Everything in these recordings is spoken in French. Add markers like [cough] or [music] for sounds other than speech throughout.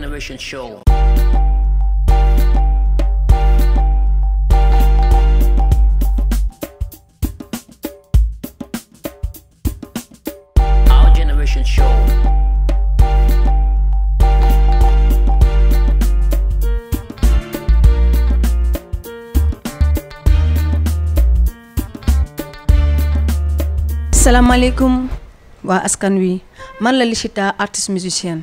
Generation Show. Our Generation Show. salaamaaleykum man la Lichita artiste musicienne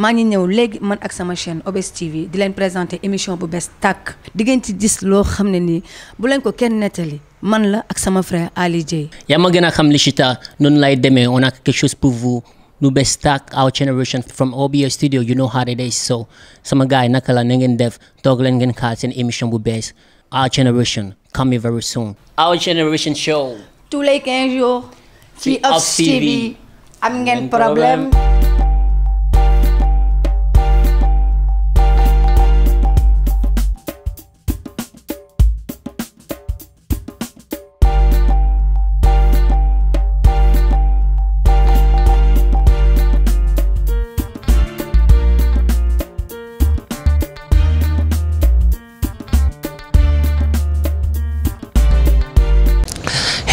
maa ngi ñëw léegi man ak sama chaîne OBS TV di leen présenter émission bu bees tàkk di ngeen ci gis loo xam ne nii bu leen ko kenn nettali man la ak sama frère Ali Dieye. yaa ma gën a xam Lichita noonu lay demee on a quelque chose pour vous nu bees tàkk our generation from OBS studio you know how it is so sama gars yi naka la na ngeen def toog leen ngeen xaar seen émission bu bees our generation coming very soon. our generation show. tous les 15 jours. ci TV. am ngeen problème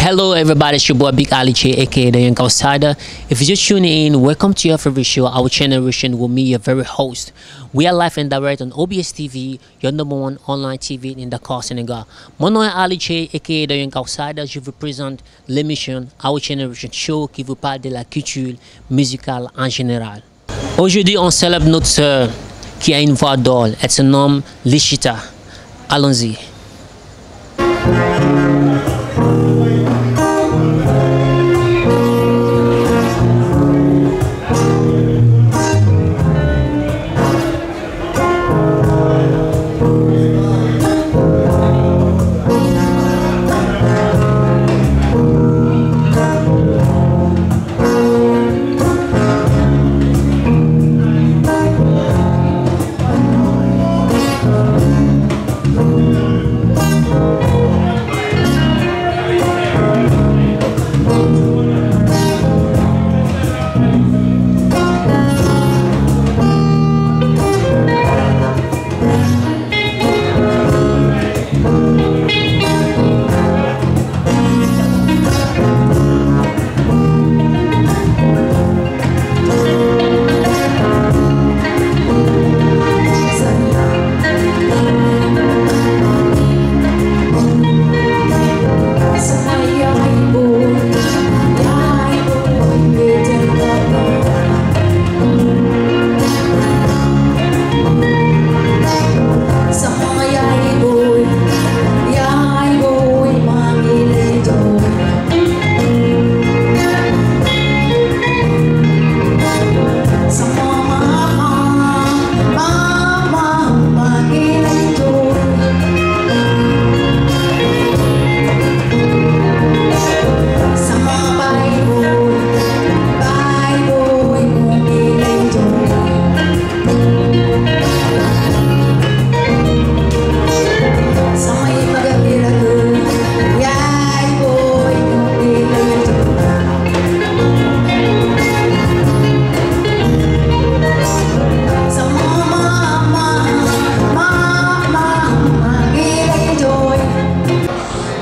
Hello everybody, it's your boy Big Ali J, aka The Young Outsider. If you're just tuning in, welcome to your favorite show, Our Generation, with me, your very host. We are live and direct on OBS TV, your number one online TV in Dakar, Senegal. My name is Ali J, aka The Young Outsider. Je vous présente l'émission Our Generation Show qui vous parle de la culture musicale en général. Aujourd'hui, on célèbre notre sœur qui a une voix d'or. Elle se nomme Lichita. Allons-y.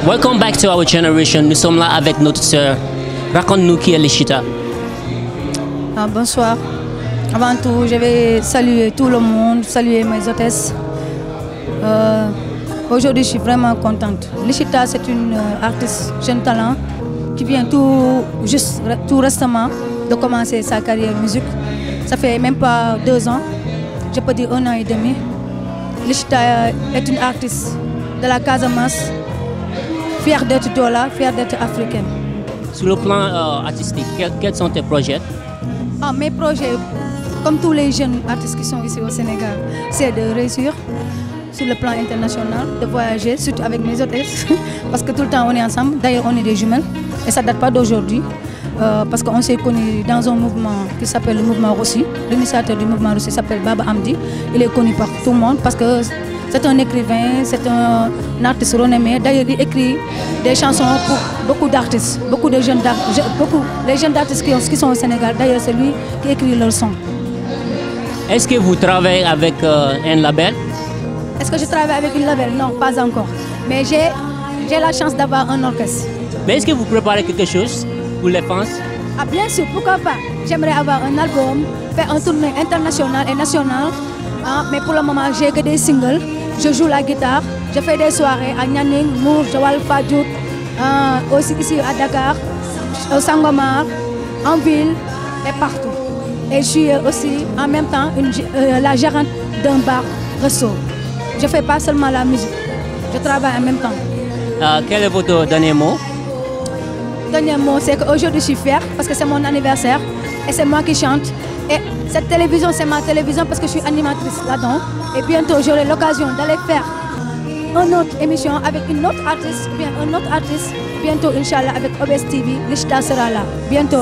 Welcome back to our generation. Nous sommes là avec notre sœur. Raconte-nous qui est Lishita. Ah, bonsoir. Avant tout, je vais saluer tout le monde, saluer mes hôtesses. Euh, aujourd'hui, je suis vraiment contente. Lishita, c'est une euh, artiste jeune talent qui vient tout, juste, tout récemment de commencer sa carrière musique. Ça fait même pas deux ans, je peux dire un an et demi. Lishita est une artiste de la Casamance Fier d'être Dola, fier d'être africaine. Sur le plan euh, artistique, quels, sont tes projets ah, Mes projets, comme tous les jeunes artistes qui sont ici au Sénégal, c'est de réussir sur le plan international, de voyager, avec mes hôtesses, [laughs] parce que tout le temps on est ensemble. D'ailleurs, on est des jumelles, et ça ne date pas d'aujourd'hui, euh, parce qu'on s'est connus dans un mouvement qui s'appelle le mouvement Rossi. L'initiateur du mouvement Rossi s'appelle Baba Amdi. Il est connu par tout le monde parce que c'est un écrivain, c'est un, artiste renommé. D'ailleurs, il écrit des chansons pour beaucoup d'artistes, beaucoup de jeunes d'artistes, beaucoup les jeunes d'artistes qui, sont au Sénégal. D'ailleurs, c'est lui qui écrit leurs sons. Est-ce que vous travaillez avec euh, un label Est-ce que je travaille avec un label Non, pas encore. Mais j'ai la chance d'avoir un orchestre. Mais est-ce que vous préparez quelque chose pour les fans ah, Bien sûr, pourquoi pas J'aimerais avoir un album, faire un tournée international et national. Ah, mais pour le moment, j'ai que des singles je joue la guitare. Je fais des soirées à Nyaning, Mour, Joal, Fadjouk, euh, aussi ici à Dakar, au Sangomar, en ville et partout. Et je suis aussi en même temps euh, la gérante d'un bar Resso. Je ne fais pas seulement la musique, je travaille en même temps. Euh, quel est votre dernier mot Dernier mot, c'est qu'aujourd'hui je suis fière parce que c'est mon anniversaire et c'est moi qui chante. Et cette télévision, c'est ma télévision parce que je suis animatrice là-dedans. Et bientôt, j'aurai l'occasion d'aller faire une autre émission avec une autre artiste, bien une autre artiste. Bientôt, Inch'Allah, avec OBS TV, Rishta sera là. Bientôt,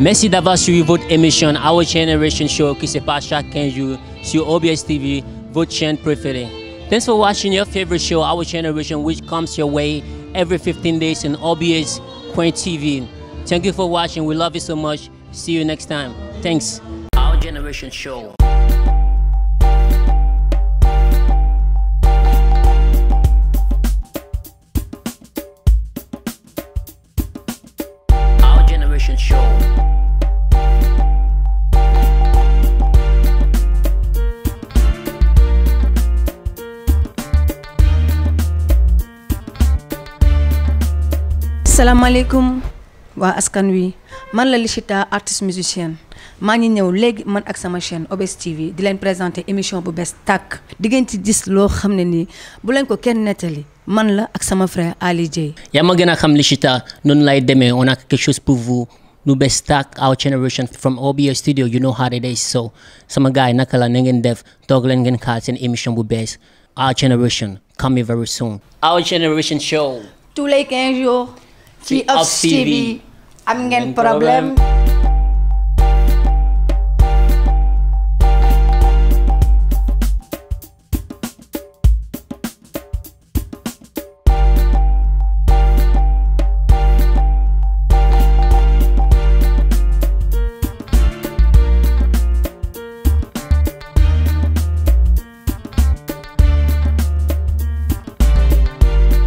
Merci d'avoir suivi votre émission Our Generation Show qui se passe chaque 15 jours sur OBS TV, votre chaîne préférée. Thanks for watching your favorite show, Our Generation, which comes your way every 15 days on OBS Queen TV. Thank you for watching. We love you so much. See you next time. Thanks. Our Generation Show. Our Generation Show. Assalamu alaikum. waa askan wi man la Lichita artiste musicienne maa ngi ñëw léegi man ak sama chaîne OBS TV di leen présenter émission bu bees tàkk di ngeen ci gis loo xam ne ni bu leen ko kenn nettali man la ak sama frère Ali Dieye. yaa ma gën a xam Lichita noonu lay demee on a quelque chose pour vous nu bees tàkk our generation from OBS studio you know how it is so sama gars yi naka la ne ngeen def toog leen ngeen xaar seen émission bu bees our generation coming very soon. our generation show. ci Ops TV am ngeen problème